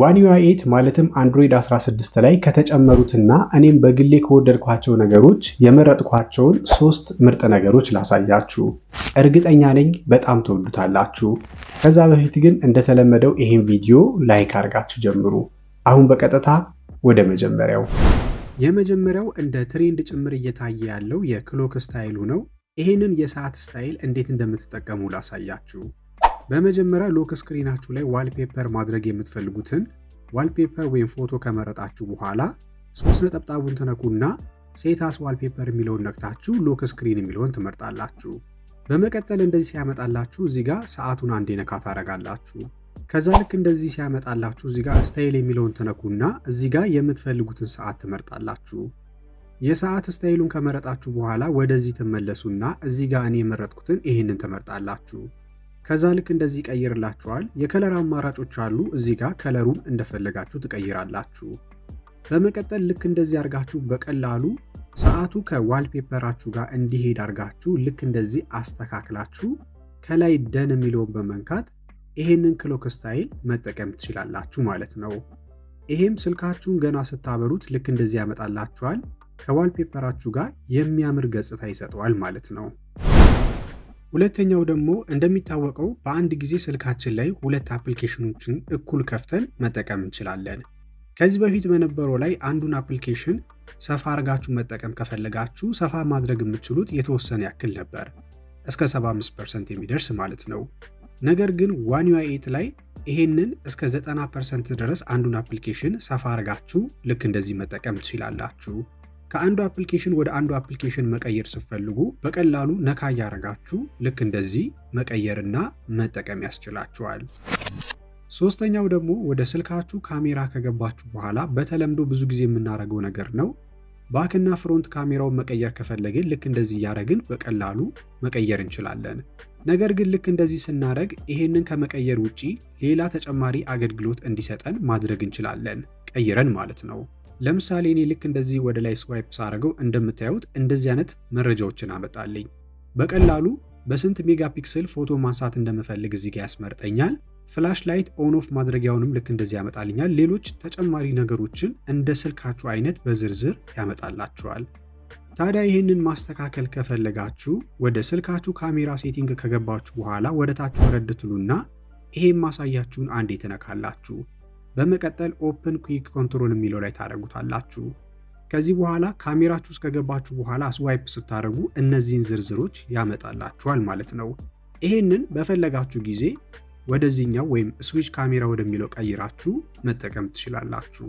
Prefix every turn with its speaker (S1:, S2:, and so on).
S1: ዋን ዩአይ ኤይት ማለትም አንድሮይድ 16 ላይ ከተጨመሩትና እኔም በግሌ ከወደድኳቸው ነገሮች የመረጥኳቸውን ሶስት ምርጥ ነገሮች ላሳያችሁ። እርግጠኛ ነኝ በጣም ትወዱታላችሁ። ከዛ በፊት ግን እንደተለመደው ይህን ቪዲዮ ላይክ አድርጋችሁ ጀምሩ። አሁን በቀጥታ ወደ መጀመሪያው።
S2: የመጀመሪያው እንደ ትሬንድ ጭምር እየታየ ያለው የክሎክ ስታይሉ ነው። ይህንን የሰዓት ስታይል እንዴት እንደምትጠቀሙ ላሳያችሁ። በመጀመሪያ ሎክ ስክሪናችሁ ላይ ዋልፔፐር ማድረግ የምትፈልጉትን ዋልፔፐር ወይም ፎቶ ከመረጣችሁ በኋላ ሶስት ነጠብጣቡን ትነኩና ሴታስ ዋልፔፐር የሚለውን ነክታችሁ ሎክ ስክሪን የሚለውን ትመርጣላችሁ። በመቀጠል እንደዚህ ሲያመጣላችሁ እዚህ ጋር ሰዓቱን አንዴ ነካ ታደርጋላችሁ። ከዛ ልክ እንደዚህ ሲያመጣላችሁ እዚህ ጋር ስታይል የሚለውን ትነኩና እዚህ ጋር የምትፈልጉትን ሰዓት ትመርጣላችሁ። የሰዓት ስታይሉን ከመረጣችሁ በኋላ ወደዚህ ትመለሱና እዚህ ጋር እኔ የመረጥኩትን ይህንን ትመርጣላችሁ። ከዛ ልክ እንደዚህ ይቀይርላችኋል። የከለር አማራጮች አሉ። እዚህ ጋር ከለሩን እንደፈለጋችሁ ትቀይራላችሁ። በመቀጠል ልክ እንደዚህ አርጋችሁ በቀላሉ ሰዓቱ ከዋልፔፐራችሁ ጋር እንዲሄድ አድርጋችሁ ልክ እንደዚህ አስተካክላችሁ ከላይ ደን የሚለውን በመንካት ይሄንን ክሎክ ስታይል መጠቀም ትችላላችሁ ማለት ነው። ይሄም ስልካችሁን ገና ስታበሩት ልክ እንደዚህ ያመጣላችኋል። ከዋልፔፐራችሁ ጋር የሚያምር ገጽታ ይሰጠዋል ማለት ነው።
S3: ሁለተኛው ደግሞ እንደሚታወቀው በአንድ ጊዜ ስልካችን ላይ ሁለት አፕሊኬሽኖችን እኩል ከፍተን መጠቀም እንችላለን። ከዚህ በፊት በነበረው ላይ አንዱን አፕሊኬሽን ሰፋ አድርጋችሁ መጠቀም ከፈለጋችሁ ሰፋ ማድረግ የምችሉት የተወሰነ ያክል ነበር፣ እስከ 75% የሚደርስ ማለት ነው። ነገር ግን ዋን ዩአይ ኤት ላይ ይሄንን እስከ 90% ድረስ አንዱን አፕሊኬሽን ሰፋ አድርጋችሁ ልክ እንደዚህ መጠቀም ትችላላችሁ። ከአንዱ አፕሊኬሽን ወደ አንዱ አፕሊኬሽን መቀየር ስትፈልጉ በቀላሉ ነካ እያደረጋችሁ ልክ እንደዚህ መቀየርና መጠቀም ያስችላችኋል። ሶስተኛው ደግሞ ወደ ስልካችሁ ካሜራ ከገባችሁ በኋላ በተለምዶ ብዙ ጊዜ የምናደርገው ነገር ነው። ባክና ፍሮንት ካሜራውን መቀየር ከፈለግን ልክ እንደዚህ እያደረግን በቀላሉ መቀየር እንችላለን። ነገር ግን ልክ እንደዚህ ስናደረግ ይሄንን ከመቀየር ውጪ ሌላ ተጨማሪ አገልግሎት እንዲሰጠን ማድረግ እንችላለን፣ ቀይረን ማለት ነው። ለምሳሌ እኔ ልክ እንደዚህ ወደ ላይ ስዋይፕ ሳደርገው እንደምታዩት እንደዚህ አይነት መረጃዎችን አመጣልኝ። በቀላሉ በስንት ሜጋ ፒክሰል ፎቶ ማንሳት እንደምፈልግ እዚህ ጋር ያስመርጠኛል። ፍላሽ ላይት ኦን ኦፍ ማድረጊያውንም ልክ እንደዚህ ያመጣልኛል። ሌሎች ተጨማሪ ነገሮችን እንደ ስልካችሁ አይነት በዝርዝር ያመጣላችኋል። ታዲያ ይህንን ማስተካከል ከፈለጋችሁ ወደ ስልካችሁ ካሜራ ሴቲንግ ከገባችሁ በኋላ ወደ ታች ወረድ ትሉና ይሄም ማሳያችሁን አንዴ ትነካላችሁ። በመቀጠል ኦፕን ኩዊክ ኮንትሮል የሚለው ላይ ታደርጉታላችሁ። ከዚህ በኋላ ካሜራችሁ ውስጥ ከገባችሁ በኋላ ስዋይፕ ስታደርጉ እነዚህን ዝርዝሮች ያመጣላችኋል ማለት ነው። ይሄንን በፈለጋችሁ ጊዜ ወደዚህኛው ወይም ስዊች ካሜራ ወደሚለው ቀይራችሁ መጠቀም ትችላላችሁ።